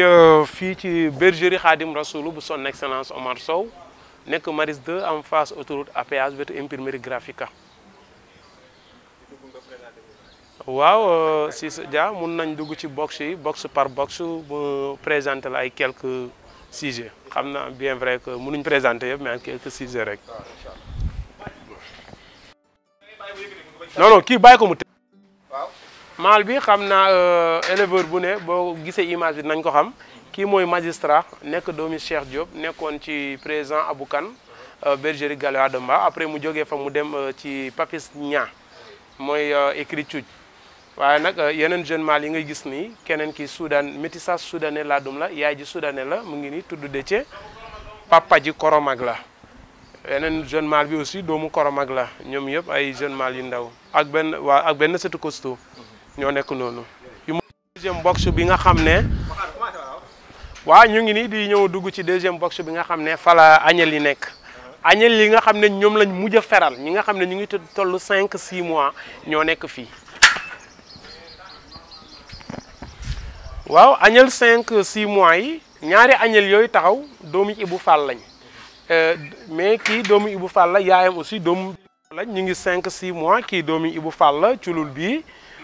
ngi euh, fii ci bergerie Khadim Rasoul bu son excellence Omar Sow nekk Maris 2 en face autoroute à péage wetu imprimerie Grafica waaw Cissé euh, Dia mun nañ dugg ci box yi box par box mu présenté la ay quelques sujets xam na bien vrai que nuñ présenté yëpp mais quelques sujets rek non kii bàyyi ko mu. mal bi xamna euh éleveur bu né bo gissé image bi nañ ko xam ki moy magistrat nek domi Cheikh Diop nekkoon ci président aboukan Kane euh, bergerie Galois de après mu joggé fa mu dem euh, ci Papis nya moy euh, écrit cuuj waye nak yenen jeune mal yi ngay giss ni kenen ki soudan métissage soudanais la dum la yaay ji soudanais la mu ngi ni de ci papa ji Koromag la yenen jeune mal bi aussi domou Koromag la ñom yëpp ay jeune mal yu ndaw ak ben ak ben setu costaud ñoo nekk noonu yu mu deuxième box bi nga xam ne waaw ñu ngi nii di ñëw dugg ci deuxième box bi nga xam ne fala añel yi nekk añel yi nga xam ne ñoom lañ mujj a feral ñi nga xam ne ñu ngi toll cinq six mois ñoo nekk fii waaw añel cinq six mois yi ñaari añel yooyu taxaw doomu Ibou Fall lañ euh, mais kii doomu Ibou Fall la yaayam aussi doom lañ ñu ngi cinq six mois kii doomu Ibou Fall la culul bii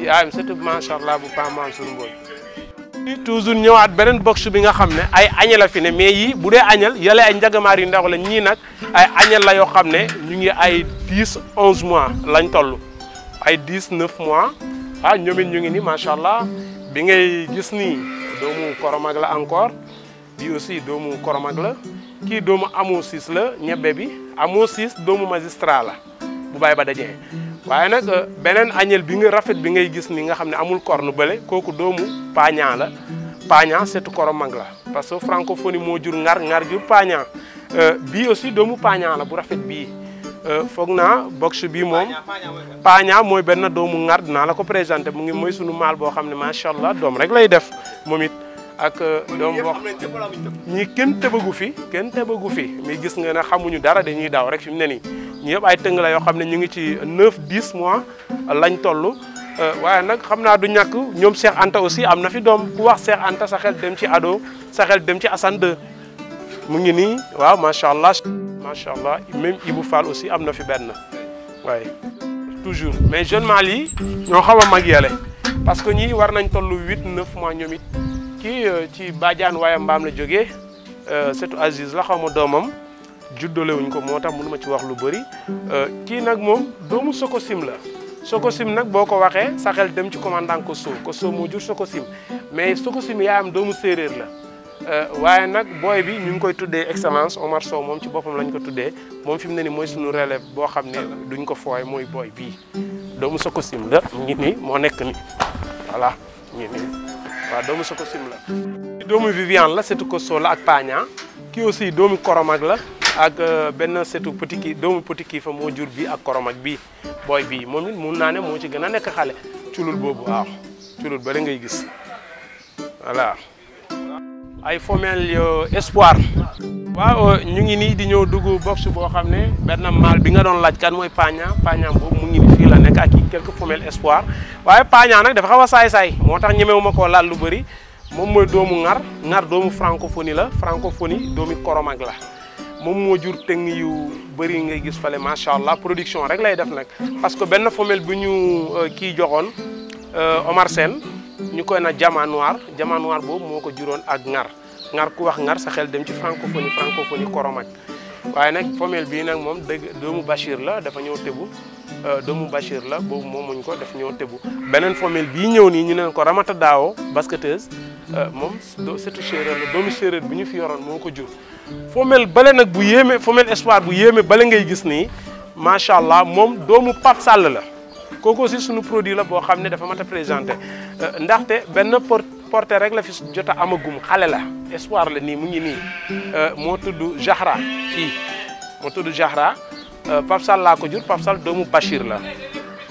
yaayam surtout macha allah bu Pa Mansour Mboye toujours ñëwaat beneen box bi nga xam ne ay añal a fi ne mais yii bu dee añal yale ay njagamaar yu ndaw la ñii nag ay añal la yoo xam ne ñu ngi ay dix mois lañ toll ay dix neuf mois ah ñoom ñu ngi ni macha allah bi ngay gis ni doomu koromag la encore bi aussi doomu koromag la kii doomu amoo siis la ñebbe bi amoo siis doomu magistrat la bu bàyyi ba daje waye nak euh, benen agnel bi nga rafet bi ngay gis ni nga xam ne amul corne balé koku doomu paña la paña setu koromang la parce que francophonie mo jur ngar ngar jur euh bi aussi doomu paña la bu rafet bi euh fogna box bi mom paña moy benn doomu ngar dina la ko présenter mo ngi moy sunu mal bo xam ne sha allah dom rek lay def momit ak euh, dom bo ñi te bëggu fi te bëggu fi mi gis nga ne xamuñu dara dañuy daw rek fi ne ni ñu yëpp ay tëng la yoo xam ne ñu ngi ci 9 10 mois euh, lañ toll euh, waaye nag xam naa du ñàkk ñoom seex Anta aussi am na fi doom bu wax Cheikh Anta sa xel dem ci ado saxel dem ci Assane 2 mu ngi nii waaw macha allah macha allah même Ibou Fall aussi am na fi benn waaye toujours mais jeune mâle yi ñoo xaw a mag yale parce que ñii war nañ toll 8 9 mois ñoom it kii euh, ci Badiane waaye mbaam la jógee surtout Aziz la xaw ma doomam juddolewuñ ko moo tax mënuma ci wax lu bëri euh, kii nag moom doomu sim la Sococim nag boo ko waxee sa xel dem ci commandant Kosso Kosso moo jur Sococim mais Sococim yaa am doomu séeréer la euh, waaye nag booy bi ñu ngi koy tuddee excellence Omar Sow moom ci boppam lañ ko tuddee moom fi mu ne ni mooy suñu relève boo xam ne duñ ko fooy mooy booy bii doomu Sococim la ngi ni moo nekk ni voilà ngi ni waaw doomu Sococim la doomu Viviane la surtout Kosso la ak Pagna kii doomu Koromag la ak euh, ben setu petit ki doomu petit ki fa mo jur bi ak korom ak bi boy bi mom nit mun nané ne ci gëna nek xalé xale culul boobu waaw culul bëri ngay gis wala ay yo euh, espoir waaw euh, ñu ngi ni di ñëw dugg box bo xamné ben mal bi nga doon laaj kan moy paña paña bo mu ngi fi la nek ak quelques fomel espoir waye paña nak dafa xawa say say motax moo ko laal lu bari mom moy doomu ngar ngar doomu francophonie la francophonie doomi koromak la moom moo jur teng yu bëri ngay gis fale macha allah production rek lay def nag parce que benn femelle bu ñu euh, kii joxoon euh, Omar Sène ñu koy na jama noir jama noir boobu moo ko juróon ak ngar ngar ku wax ngar sa xel dem ci francophonie francophonie koromak waaye nag femelle bii nag moom dëgg doomu Bachir la dafa ñëw tëbu euh, doomu Bachir la boobu moom moomuñ ko daf ñëw tëbu beneen femelle bii ñëw nii ñu neen ko Ramata Daawo basketteuse Euh, moom surtout séeréer la doomu séeréer bi ñu fi yoroon moo ko jur femelle bale nag bu yéeme femelle espoir bu yéeme bale ngay gis nii macha allah moom doomu Pape Sall la kooku si sunu produit la boo xam ne dafa mat a présenté euh, ndaxte benn porté rek la fi jot a amagum xale la espoir la nii mu ngi nii euh, moo tudd Jahra kii moo tudd Jahra Pape laa ko jur Pape doomu Bachir la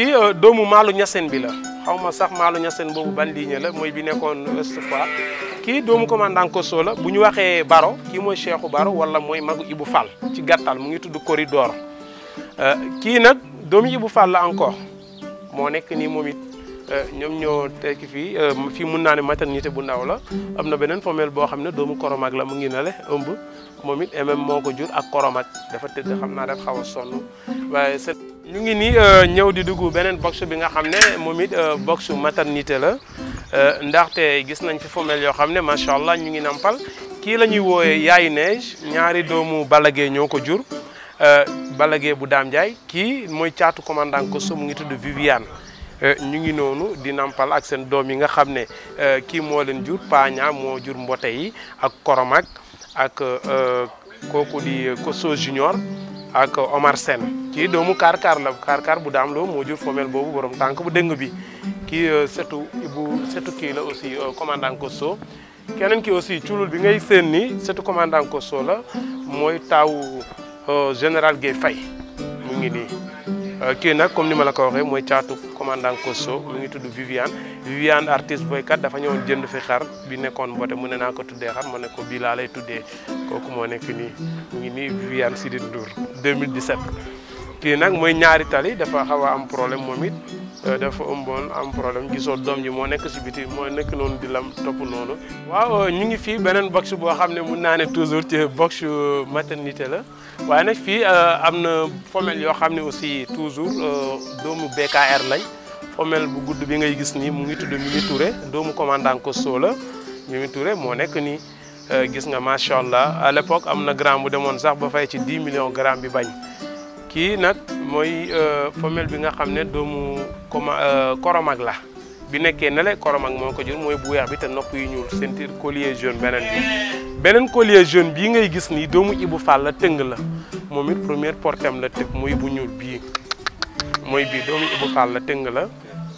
kii euh, doomu malu ñaseen bi la xaw ma sax maalu ñaseen boobu ban ligne la mooy bi nekkoon Ouest Foire kii doomu commandant Kosso la bu ñu Baro kii mooy Cheikhu Baro wala mooy magu Ibou Fall ci gàttal mu ngi tudd Corridor euh, kii nag doomu Ibou Fall la encore moo nekk nii moom it euh, ñoom ñoo tekki fii fii mun naa ne maternité bu ndaw la am na beneen formel boo xam ne la mu ngi nale ëmb momit mm moo jur ak koromag dafa tëdd xam naa ñu ngi ni euh, ñew di dugu benen box bi nga xamne momit euh, box maternité la euh, té gis nañ fi fomel yo xamne ma sha allah ñu ngi nampal kii lañuy woyé yaay yaayu neige ñaari doomu balagé ñoko jur balagé bu dam jaay ki moy caatu commandant ko mu ngi tuddu Viviane ñu ngi nonu di nampal ak sen doomi nga xamne ki mo leen jur paña mo jur mbotay ak koromak ak koku di so junior ak Omar Sen. ci doomu Karkar la kar bu daam lo mo jur fomel bobu borom tank bu deng bi ki euh, setu ibu setu ki la aussi euh, commandant Kosso kenen ki aussi culul bi ngay sen ni setu commandant Kosso la moy taw euh, general Gueye Faye mu ngi ni Euh, kii nag comme ni ma la ko waxee mooy caatu commandant Kosso mi ngi tudd Viviane Viviane artiste boykat dafa ñëwoon jënd fi xar bi nekkoon mboote mu ne naa ko tuddee xar ma ne ko bii laa lay tuddee kooku moo nekk nii mu ngi nii Viviane Sidi Ndour 2017. kii nag mooy ñaari tali dafa xaw am problème moom it euh, dafa ëmboon am problème gisoo doom ji moo nekk si biti moo nekk noonu di lam topp noonu. waaw euh, ñu ngi fii beneen box boo xam ne mun naa ne toujours ci box maternité la waaye nag fii euh, am na femelle yoo xam ne aussi toujours doomu BKR lañ femelle bu gudd bi ngay gis nii mu ngi tudd Mimi doomu commandant la Mimi Touré moo nekk nii gis nga macha allah à l'époque am na gramme bu demoon sax ba fay ci 10 millions gramme bi bañ. kii nag mooy euh, femelle bi nga xam ne doomu coma euh, koromag la bi nekkee ne la koromag moo ko jur mooy bu weex bi te nopp yu ñuul ceinture collier jaune beneen bi beneen collier jaune bii ngay gis nii doomu Ibou Fall la tëng la moom it première portem la tëgg mooy bu ñuul bii mooy bii doomu Ibou Fall la tëng la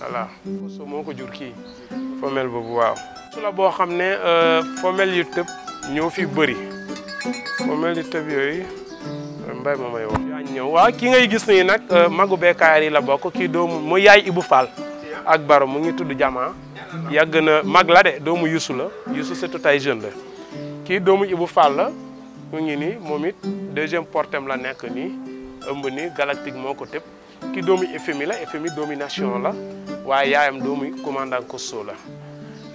voilà so moo ko jur kii femelle boobu waaw su la boo xam ne euh, femelle yu tëb ñoo fi bëri femelle yu tëb yooyu mbay ma may wax waaw ki ngay gis nii nag euh, magu Bécaye yi la bokk kii doomu mu yaay Ibou Fall ak baro mu ngi tudd Jama yàgg na mag la de doomu Youssou la Youssou surtout tay jeune la kii doomu Ibou Fall la mu ngi nii moom it deuxième portem la nekk nii ëmb nii galactique moo ko tëb kii doomu FMI la FMI domination la waaye yaayam doomu commandant Kosso la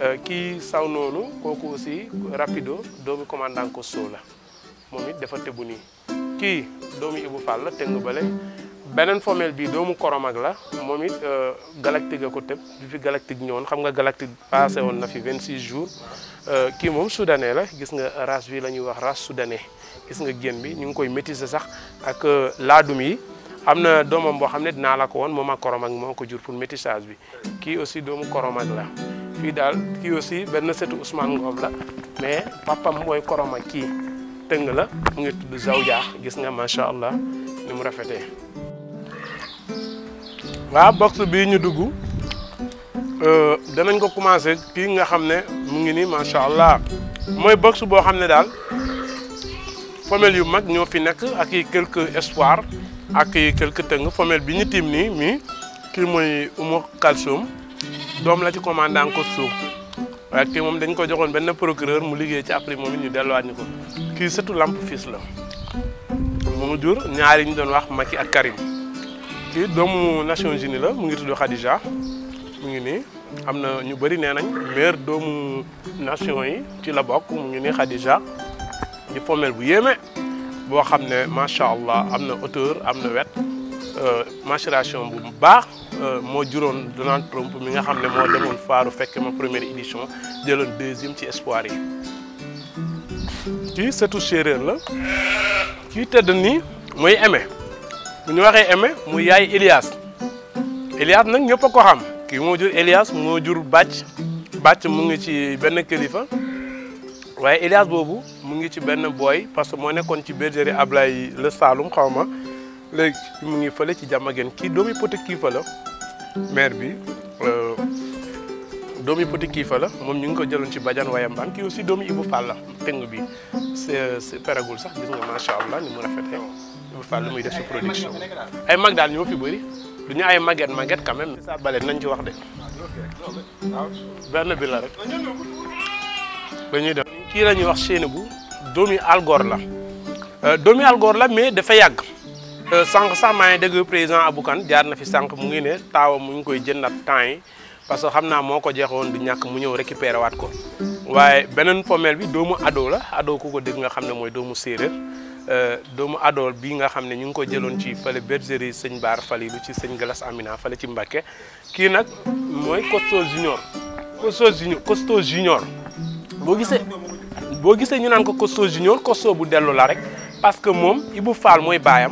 euh, kii saw noonu kooku aussi rapido doomu commandant Kosso la moom it dafa tëbu nii kii doomu Ibou Fall la tëng bale beneen femelle bi doomu Koromag la moom it euh, galactique a ko tëb bi fi galactique ñëwoon xam nga galactique passé woon na fi 26 jours euh, kii moom soudanais la gis nga race bi la ñuy wax race soudanais gis nga génn bi ñu ngi koy métisser sax ak euh, laadum yi am na doomam boo xam ne dinaa la ko woon moom ak Koromag moo ko jur pour métissage bi kii aussi doomu Koromag la fii daal kii aussi benn setu Ousmane Ngom la mais papam tëng la mu ngi tudd Zawja gis nga macha allah ni mu rafetee waa box bi ñu dugg euh, danañ ko commencé kii nga xam ne mu ngi nii macha allah mooy box boo xam ne daal femelle yu mag ñoo fi nekk ak i quelques espoirs ak i quelques tëng femelle bi ñu tiim nii mii kii mooy Umu Kalsum doom la ci commandant ko suuf waaye kii moom dañ ko joxoon benn procureur mu liggéey ci après moom it ñu delluwaat ñu ko kii sëtu lamp fils la moomu jur ñaari ñu doon wax makki ak Karim kii doomu Nations uni la mu ngi tudd Khadija mu ngi nii am na ñu bëri nee nañ maire doomu nation yi ci la bokk mu ngi nii Khadija di pommel bu yéeme boo xam ne macha allah am na hauteur am na wet Euh, macération bu baax euh, moo juróon Donald Trump mi nga xamné mo moo faaru fekk ma première édition jëloon deuxième ci espoir yi kii sëtu séeréer la kii tëdd ni muy Aimé bu ñu waxé Aimé mu yaay Elias Elias nak ñëpp ko xam ki mo jur Elias mo jur bach bàcc mu ngi ci benn kilifa waaye Elias boobu mu ngi ci benn boy parce que moo nekkoon ci bergerie Ablaye le Saloum xaw ma léegi mu ngi fële ci Diamaguène kii doomi Poté Kiifa la maire bi euh, doomi Poté Kiifa la moom ñu ngi ko jëloon ci Badiane Wayambaan kii aussi doomi Ibou Fall la tëng bi c'est peragul sax gis nga macha allah ni mu rafetee Ibou muy def production ay mag daal ñoo fi bëri du ñu ay maget maget quand bale nañ ci wax de. benn bi la rek. dañuy def kii la ñuy wax Séenébou doomi Algor la euh, doomi Algor la mais dafa yàgg. Eh, sank sa may deug président Abou Kane jaar na fi sank mu ngi ne taw mu ngi koy jëndat temps yi parce que xamna moko moo du mu ñew récupérer wat ko waye benen pomel bi doomu ado la ado ku ko deug nga xamne moy doomu doomu euh doomu ado bi nga xamne ñu ngi ko jëlon ci bergerie bar fali lu ci seigne Galas Amina fale ci Mbacké ki nak moy costo junior costo junior costo junior bo gisé bo gisé ñu nan ko costo junior costo bu delu la rek parce que mom Ibou Fall moy bayam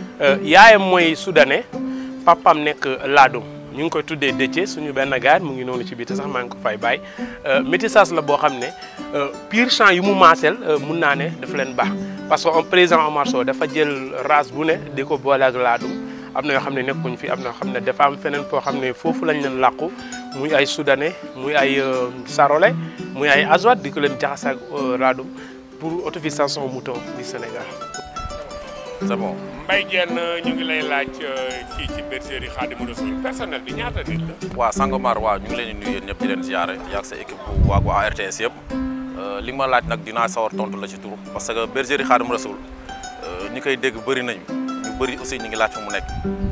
Euh, yaayam mooy soudanais papam nekk laadum ñu ngi koy tuddee Déthié suñu benn gaar mu ngi noonu ci biir sax maa ngi ko fay bàyyi euh, métissage la boo xam ne euh, pur champ yu mu maaseel mun naa ne dafa leen baax parce que on président Omar Sow dafa jël race bu ne di ko boole ak laadum am na yoo xam ne nekkuñ fi am na xam ne dafa am feneen foo xam ne foofu lañ leen làqu muy ay soudanais muy ay sarole muy ay azwat di ko leen jaxase ak laadum pour autofisation mouton du c'est bon Mbaye Diène ñu ngi lay laaj euh, fii ci bergerie Khadimou Rassoul personnel bi ñaata nit la. waa Sangomar waaw ñu ngi leen di ñëpp di leen ziare sa équipe bu waa waa RTS euh, li ma laaj nag dinaa sawar tontu la ci tur parce que bergerie Khadimou Rassoul euh, ñi koy dégg bëri nañu ñu bëri aussi ñu ngi laaj fu mu nekk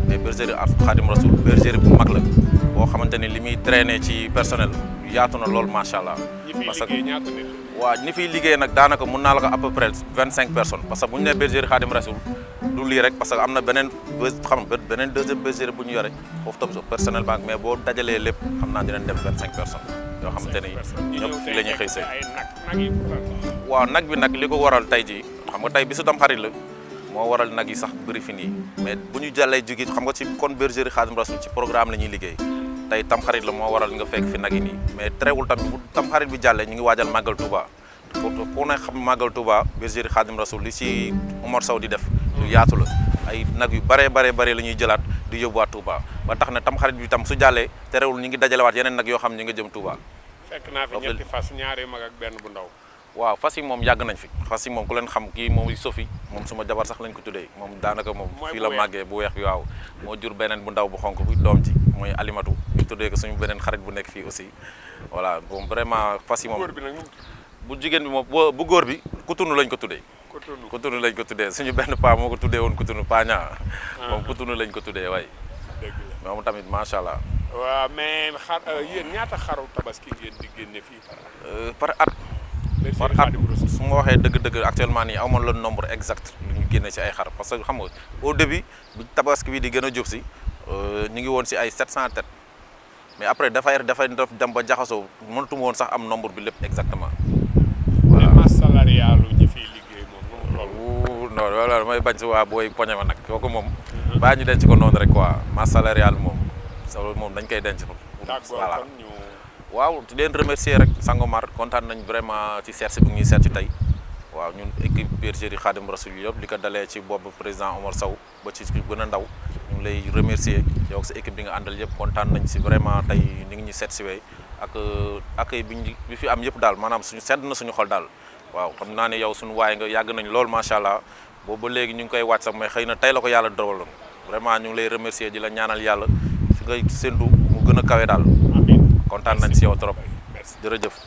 mais bergerie Khadimou Rassoul bergerie bu mag la boo xamante ni li muy traîner ci personnel yaatu na lool macha allah. waa ñi fiy liggéey nag daanaka mun naa la ko à peu près vingt cinq personnes parce que bu ñu nee bergerie Khadim Rassoul du lii rek parce que am na beneen xam nga beneen deuxième bergerie bu ñu yore foofu tam personnel banque mais boo dajalee lépp xam naa dinañ dem vingt cinq personnes yoo xamante ni ñëpp fii la ñuy xëy see waaw nag bi nag li ko waral tey jii xam nga tey bisu tam xarit la moo waral nag yi sax bëri fi nii mais bu ñu jàllee jógee xam nga ci kon bergerie Khadim Rassoul ci programme la ñuy liggéey tay tam xarit la mo waral nga fekk fi nak yi mais terewul tam bu tam xarit bi jalle ñi ngi wajal magal Touba ko ne xam magal Touba Khadim rasul li ci Omar saudi def lu yaatu la ay nak yu bare bare bare lañuy jëlat jëlaat di wa Touba ba tax na tam xarit bi tam su jalle terewul ñi ngi wat yenen nak yo xam ñi nga jëm Touba. fekk na fi ñetti fas ñaari mag ak benn bu ndaw. waaw fas yi moom yàgg nañ fi fas yi moom ku leen xam kii moom sofi moom suma jabar sax lañ ko tuddee moom daanaka moom fii la màggee bu weex bi waaw moo jur beneen bu ndaw bu xonk bu doom ci mooy alimatu tuddee ko suñu beneen xarit bu nekk fii aussi voilà bon vraiment fas yi moom bu jigéen bi moom bu góor bi kutunu lañ ko tuddee kutunu lañ ko tuddee suñu benn paa moo ko tuddee woon kutunu paa ñaa ah. moom kutunu lañ ko tuddee waay moom tamit macha allah waaw mais xar euh, yéen ñaata xaru tabaski ngeen di génne fii euh, par at par at su ma waxee dëgg-dëgg actuellement nii amoon la nombre exact lu ñu génne ci ay xar parce que xam nga au début bi tabaski bi di gën a jub si euh, ñu ngi woon si ay 700 têtes mais après dafay dafay dem ba jaxasoo mënatuma woon sax am nombre bi lépp exactement. voilà mais masse fiy liggéey moom loolu. non loolu mooy bañ si waa booy poñe ma nag kooku moom. Mhm. baa ñu denc ko noonu rek quoi masse salariale moom sa moom dañ koy denc. voilà waaw di leen remercier rek Sangomar kontaan nañu vraiment ci seet si bu ñuy seet si tey. waaw ñun équipe bergerie Khadim Rasoul yëpp di ko dalee ci boobu président Omar Sow ba ci ki gën a ndaw ñu ngi lay remercier yow sa équipe bi nga àndal yëpp kontaan nañ si vraiment tey ni ngi ñu seet si wey ak euh, fi am yëpp daal maanaam suñu sedd na suñu xol daal waaw xam naa ne yow suñu waay nga yàgg nañ lool macha allah boobu léegi ñu ngi koy wàcc sax mais xëy na tey la ko yàlla dowaloon vraiment ñu ngi lay remercier di la ñaanal yàlla fi ngay séntu mu gën a kawe daal kontaan nañ si yow trop jërëjëf